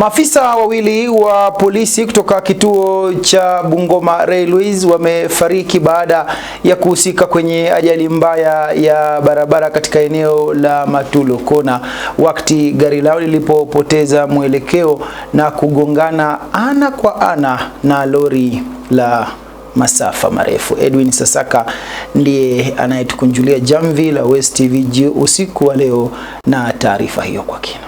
Maafisa wawili wa polisi kutoka kituo cha Bungoma Railways wamefariki baada ya kuhusika kwenye ajali mbaya ya barabara katika eneo la Matulo Kona wakati gari lao lilipopoteza mwelekeo na kugongana ana kwa ana na lori la masafa marefu. Edwin Sasaka ndiye anayetukunjulia jamvi la West TV usiku wa leo na taarifa hiyo kwa kina.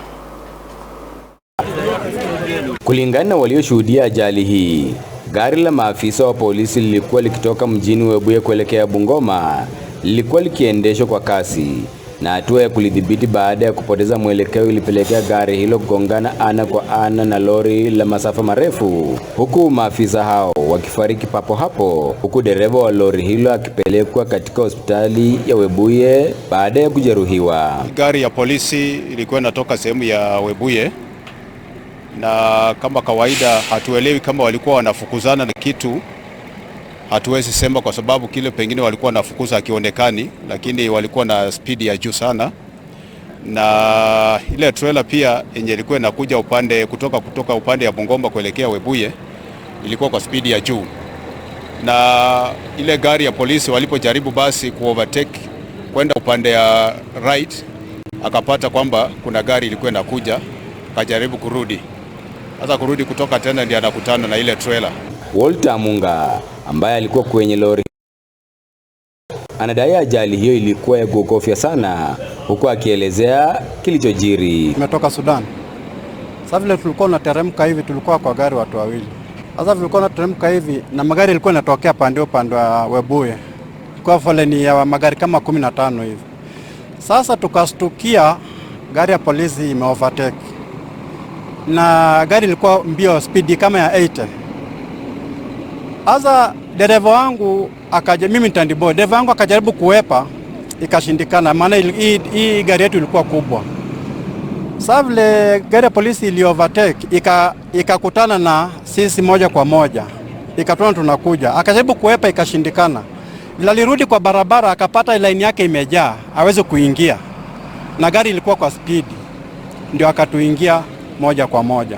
Kulingana na walioshuhudia ajali hii, gari la maafisa wa polisi lilikuwa likitoka mjini Webuye kuelekea Bungoma, lilikuwa likiendeshwa kwa kasi na hatua ya kulidhibiti baada ya kupoteza mwelekeo ilipelekea gari hilo kugongana ana kwa ana na lori la masafa marefu, huku maafisa hao wakifariki papo hapo, huku dereva wa lori hilo akipelekwa katika hospitali ya Webuye baada ya kujeruhiwa. Gari ya polisi ilikuwa inatoka sehemu ya Webuye na kama kawaida hatuelewi kama walikuwa wanafukuzana na kitu, hatuwezi sema kwa sababu kile pengine walikuwa wanafukuza akionekani, lakini walikuwa na spidi ya juu sana, na ile trailer pia yenye ilikuwa inakuja upande kutoka kutoka upande ya Bungoma kuelekea Webuye ilikuwa kwa spidi ya juu, na ile gari ya polisi walipojaribu basi ku overtake kwenda upande ya right, akapata kwamba kuna gari ilikuwa inakuja, akajaribu kurudi sasa kurudi kutoka tena ndio anakutana na ile trailer. Walter Munga ambaye alikuwa kwenye lori anadai ajali hiyo ilikuwa ya kuogofya sana, huku akielezea kilichojiri. Tumetoka Sudan, sasa vile tulikuwa tunateremka hivi, tulikuwa kwa gari watu wawili. Sasa vile vilikuwa tunateremka hivi na magari yalikuwa yanatokea pande pande wa Webuye, kwa foleni ya magari kama 15 hivi. Sasa tukastukia gari ya polisi imeovertake na gari ilikuwa mbio spidi kama ya 80. aza dereva wangu akaja, mimi ni dereva wangu akajaribu kuwepa ikashindikana, maana hii gari yetu ilikuwa kubwa. Sasa vile gari ya polisi ili overtake ikakutana ika na sisi moja kwa moja, ikatona tunakuja, akajaribu kuwepa ikashindikana. Vile alirudi kwa barabara akapata line yake imejaa, hawezi kuingia na gari ilikuwa kwa spidi, ndio akatuingia moja kwa moja.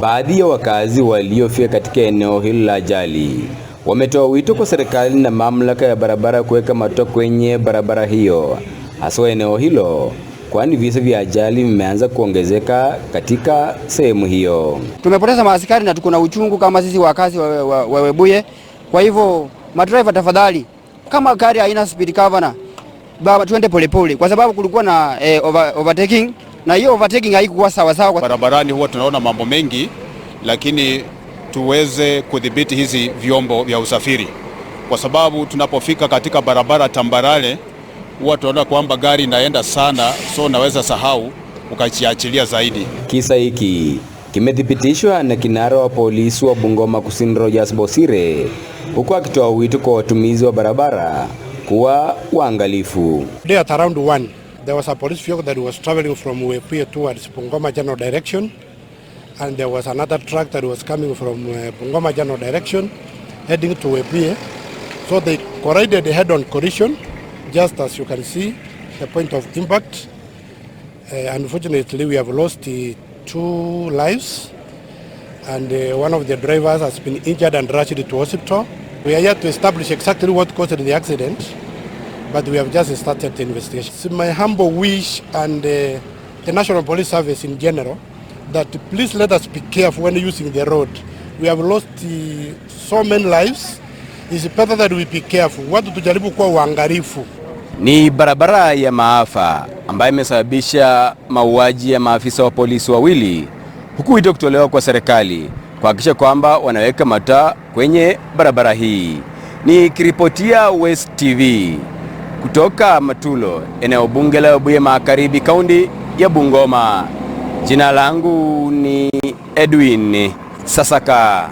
Baadhi ya wakazi waliofika katika eneo hilo la ajali wametoa wito kwa serikali na mamlaka ya barabara kuweka mato kwenye barabara hiyo, haswa eneo hilo, kwani visa vya ajali vimeanza kuongezeka katika sehemu hiyo. Tumepoteza maaskari na tuko na uchungu kama sisi wakazi wa, wa, wa Webuye. Kwa hivyo madriver, tafadhali, kama gari haina speed governor, baba, tuende polepole, kwa sababu kulikuwa na eh, over, overtaking na hiyo overtaking haikuwa sawa sawa. Barabarani huwa tunaona mambo mengi, lakini tuweze kudhibiti hizi vyombo vya usafiri, kwa sababu tunapofika katika barabara tambarale huwa tunaona kwamba gari inaenda sana, so naweza sahau ukachiachilia zaidi. Kisa hiki kimethibitishwa na kinara wa polisi wa Bungoma Kusini Rogers Bosire, huku akitoa wito kwa watumizi wa barabara kuwa waangalifu. around one There was a police vehicle that was traveling from Wepuye towards Bungoma General direction and there was another truck that was coming from uh, Bungoma General direction heading to Wepuye. So they collided the head-on collision just as you can see the point of impact. Uh, unfortunately we have lost uh, two lives and uh, one of the drivers has been injured and rushed to hospital. We are here to establish exactly what caused the accident but we have just started the investigation. It's my humble wish and uh, the National Police Service in general that please let us be careful when using the road. We have lost uh, so many lives. It's better that we be careful. Watu tujaribu kuwa waangalifu. Ni barabara ya maafa ambayo imesababisha mauaji ya maafisa wa polisi wawili huku wito kutolewa kwa serikali kuhakikisha kwamba wanaweka mataa kwenye barabara hii. Ni kiripotia West TV. Kutoka Matulo, eneo bunge la Buye Magharibi, kaunti ya Bungoma. Jina langu ni Edwin Sasaka.